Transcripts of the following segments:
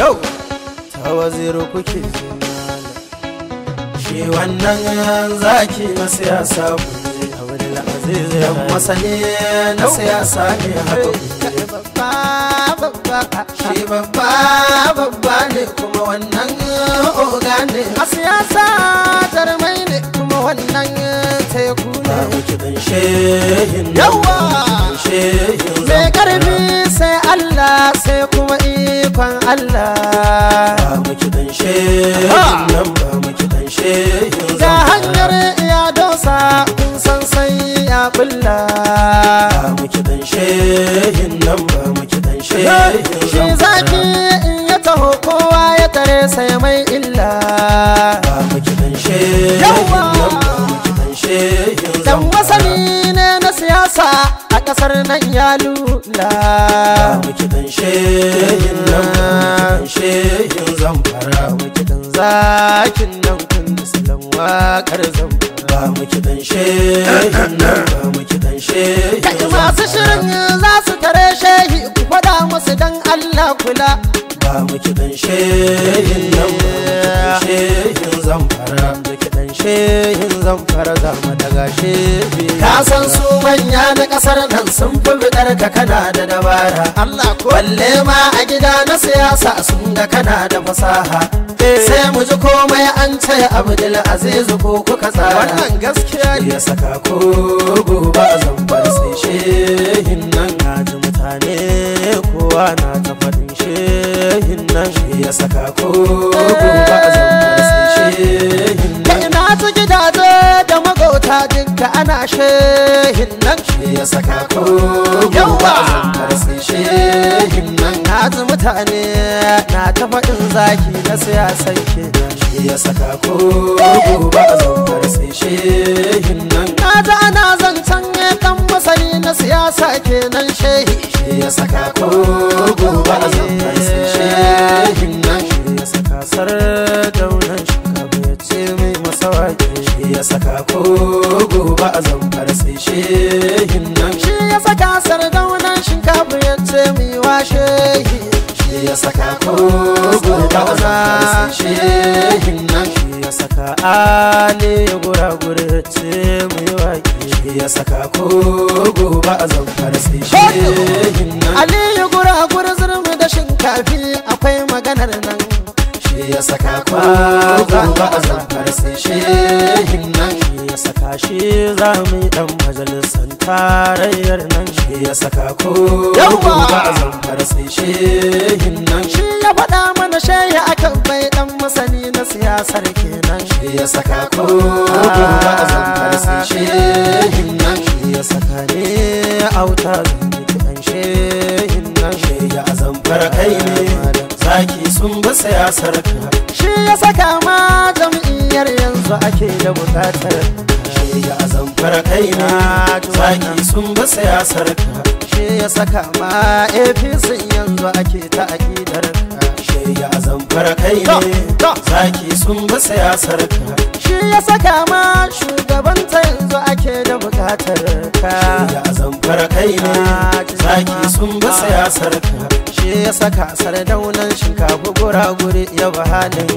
yau tawa zero kuke shi wannan zaki na siyasa ku yan masani na siyasa ne haka shi babba babba ne kuma wannan oga ne a siyasa jarmai wannan teku ne yawa mai karfi sai Allah sai kuma ikon Allah ga hanyar ya dosa kun san sai ya bulla shi zaki in ya taho kowa ya tare sai mai illa yawa kasar nan ya lula mukidan shehin nan shehin zamfara mukidan zakin nan kun da salon wakar zamfara ba mukidan shehin nan ba mukidan shehin kai masu shirin za su tare shehi ku faɗa musu dan Allah kula ba mukidan shehin nan shehin zamfara fanshe yin fara zama da gashe ka san su manya na kasar nan sun fi bidar ka kana da dabara Allah ko balle ma a gida na siyasa sun ga kana da fasaha eh. sai mu ji komai an ce abdul aziz ko kuka tsara wannan gaskiya ya saka ko gobe a zamfar sai shehin nan na ji mutane kowa na ta faɗin shehin nan shi ya saka ko gobe a shehin nan shi ya saka ko yawa zan shehin nan na ji mutane na ta faɗin zaki na siyasan na ji ana zancen ɗan masani na siyasa kenan shehin shi ya saka sardaunan shinkafa ya ce mi wa shehi shi ya saka kogo da wasa shehi nan shi ya saka ya gura gura ce mi wa shi ya saka kogo ba a zaukar sai shehi nan ali gura gura zurmi da shinkafi akwai maganar nan saka ko ba a zamfar sai shehin nan shi ya saka shi za mu yi dan majalisar tarayyar nan shi ya saka ko ba a zamfar sai shehin nan shi ya faɗa mana shaya akan bai dan masani na siyasar kenan shi ya saka ko ba a zamfar sai shehin nan shi ya saka ne auta zan shehin nan shi ya zamfar kai ne zaki sun bi siyasar ka yanzu ake da bukatar shi ya zamfara kaina zaki sun bi siyasar ka shi ya saka ma apc yanzu ake ta akidar ka shi ya zamfara kai ne zaki sun bi siyasar ka shi ya saka ma Shugaban shugabanta yanzu ake da bukatar ka shi ya zamfara kai ne zaki sun bi siyasar ka ya saka sardaunan shinkafa gura guri ya ba halin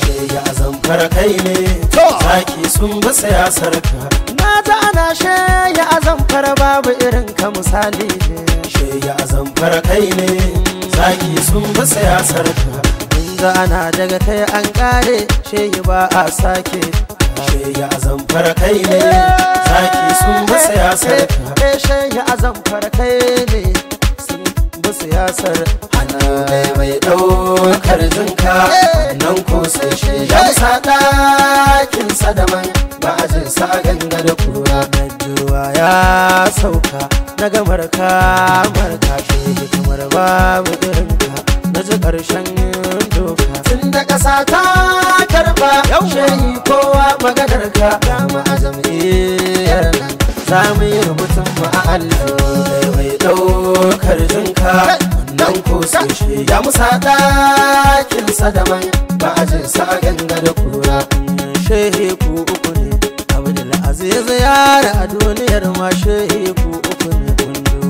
shirya zamfara kai ne zaki sun bi siyasar ka na ta ana sheya a zamfara babu irin ka misali ne shirya a kai ne zaki sun bi siyasar ka inda ana daga kai an kare shehi ba a sake sheya a kai ne eh! zaki sun bi siyasar ka eh, sheya a zamfara kai ne zaɓi siyasar hannu ne mai ɗaukar jinka nan ko sai shi ya musa ɗakin sadaman ba a jin sa ganga da kura juwa ya sauka na gamar ka marka ke hikimar babu irinka na ji ƙarshen doka tun da ƙasa ta karba yau yi kowa maganarka. ka dama a jam'iyyar za mu yi rubutun mu a allo mai ɗaukar jinka nan ko sai ya musa ɗakin sadaman ba a jin sa ganga da kura shehe ku uku ne abdul aziz yara a duniyar ma shehe ku uku ne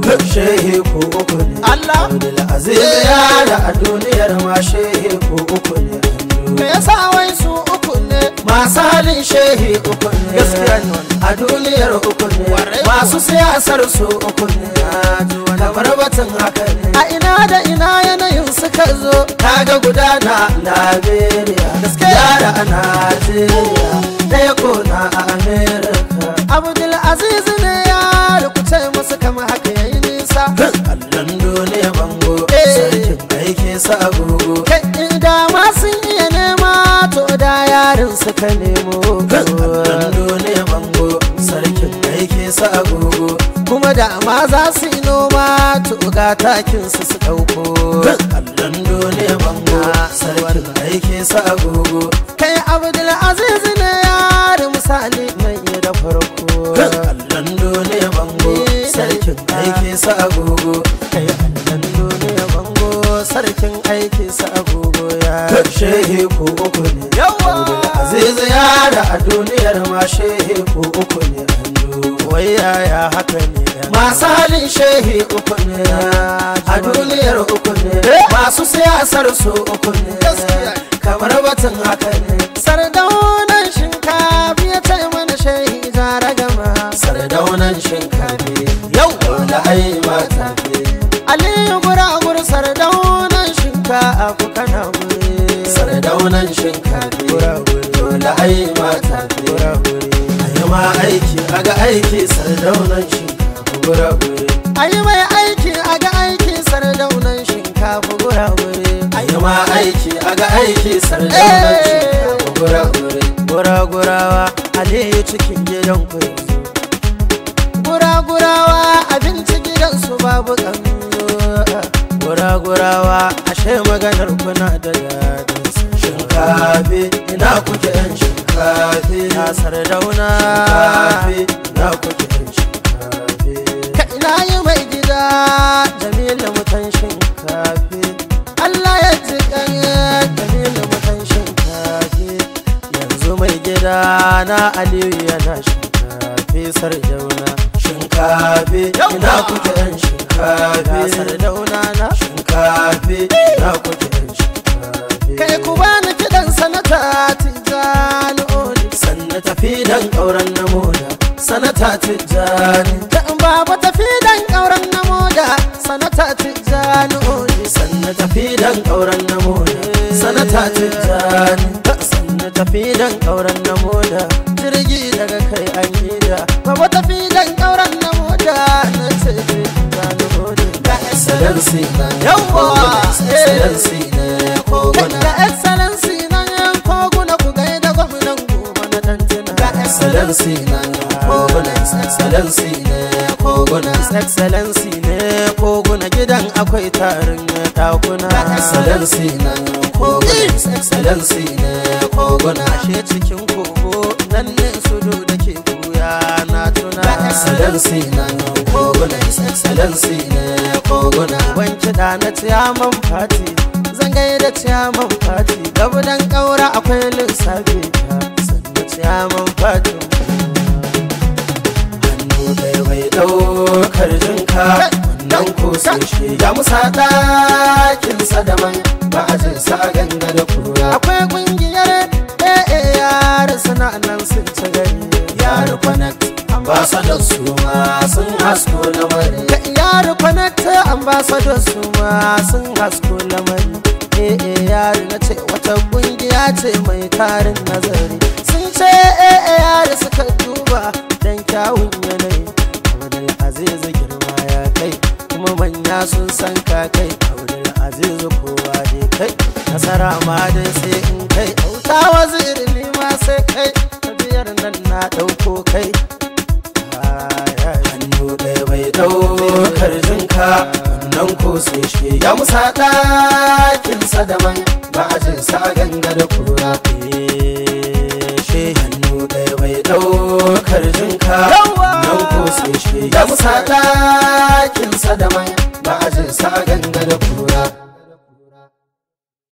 kundu shehe ku uku ne allah abdul aziz yara a duniyar ma shehe ku uku ne me yasa wai su uku masu halin shehi uku ne a duniyar uku ne masu siyasar su uku ne kamar batun haka ne a ina da ina yanayin suka zo kaga gudana Liberia yara a Najeriya ɗaya kona a Amerika Abdul Aziz ne ya rukuce musu kama haka yayi nisa Allon duniya bango eh. sarkin aike sa suka nemo Gando ne bango sarkin kai yake sa agogo Kuma da ma za su yi noma tuga takin su su ɗauko Gando ne bango sarkin kai yake sa agogo duniyar ma shehi ko uku ne anjo wai yaya haka ne masu halin shehi uku ne a duniyar uku ne eh? masu siyasar su uku ne kamar batun haka ne sardaunan shinkafi ya ce mana shehi zara gama sardaunan shinkafi yau da ai mata aliyu guragur sardaunan shinkafi kana gure sardaunan shinkafi a yi mata fira a ma aiki a ga aiki sardaunan shinkafa gura gure a yi mai aiki a ga aiki sardaunan shinkafa gura gure a yi ma aiki a ga aiki sardaunan shinkafa gura gure gura gurawa aliyu cikin gidan ku gura gurawa abinci gidan su babu kanzo gura gurawa ashe maganar kuna da daɗi shinkafi ina kuke yan shinkafi na sardauna shinkafi ina kuke yan shinkafi ka ina yi mai gida jamilu mutan shinkafi Allah ya ji kan jamilu mutan shinkafi yanzu mai gida na aliyu yana shinkafi sardauna shinkafi ina kuke yan shinkafi sardauna na shinkafi ina kuke yan shinkafi kai ku bani kiɗan sanata tijjani oli sanna tafi dan ƙauran na moda sanata tijjani da baba tafi dan ƙauran na moda sanata tijjani oli sanna tafi dan ƙauran na moda sanata tijjani sanna tafi dan ƙauran na jirgi daga kai an gida baba tafi dan ƙauran na moda na ce tijjani oli ga excellency yawwa excellency eh. koguna ga excellency na yan koguna ku gai da gwamnan goma na dantuna ga excellency na koguna excellency ne koguna excellency ne koguna gidan akwai tarin dakuna ga excellency na koguna excellency ne koguna ashe cikin kogo nan ne sudu da ke buya na tuna ga excellency na koguna excellency ne koguna wanke da na tiyaman fati zan da ciyaman fati gabudan ƙaura akwai lissafi ta sannu ciyaman fati hannu ɗaya bai ɗaukar jinka wannan ko sai shi ya musa ɗakin sadaman ba a jin sa ganga da kura akwai ƙungiyar ɗaya yara nan sun ci gari yaro connect ambassador su ma sun hasko lamari. Ka iyar connect ambassador su ma sun hasko lamari. e yari na ce wata kungiya ce mai tarin nazari sun ce eh, eh yari suka duba dan kyawun yanayi abdul aziz girma ya kai kuma manya sun san ka kai abdul aziz kowa dai kai nasara ma dai sai in kai auta waziri ni ma sai kai tafiyar nan na dauko kai hannu ɗaya mai daukar jinka nan ko sun shi ya musa ɗakin sadaman ba a jin sa ganga da kura shi hannu ɗaya mai daukar jinka nan ko sun shi ya musa ɗakin sadaman ba a jin sa ganga da kura